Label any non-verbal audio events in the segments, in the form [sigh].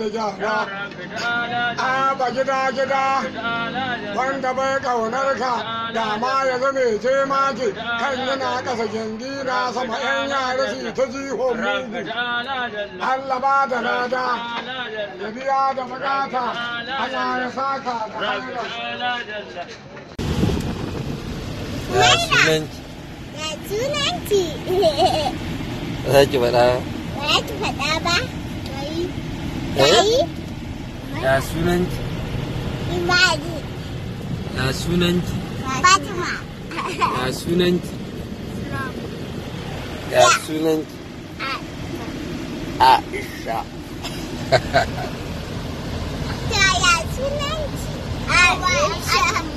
wani gyara a ah, ba gida gida wanda bai kaunar ka da ma ya zame je maki kan yana kasa gindi na sama yan yare su ta jiho mugu Allah ba da nada ya biya da bukata Allah ya saka da hanyar. Za ki faɗa? [laughs] za ki faɗa ba. Eh? Ya sunanki? Imani. Ya sunanki? Fatima. Ya sunanki? Ya sunanki? Aisha. Ya sunanki? Aisha.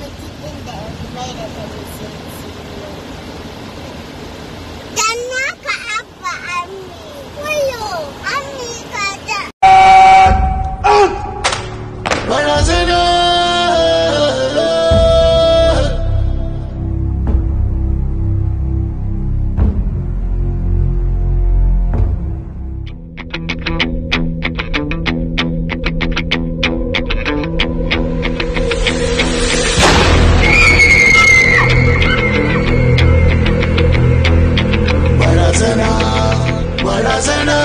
barazana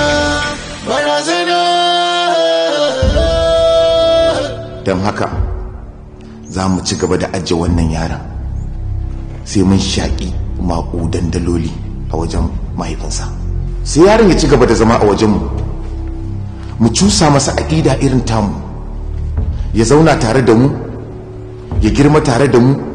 barazana don haka za mu ci gaba da ajiye wannan yaron sai mun shaƙi maƙudan daloli a wajen mahaifinsa sai yaron ya ci gaba da zama a wajenmu mu cusa masa aƙida irin tamu ya zauna tare da mu ya girma tare da mu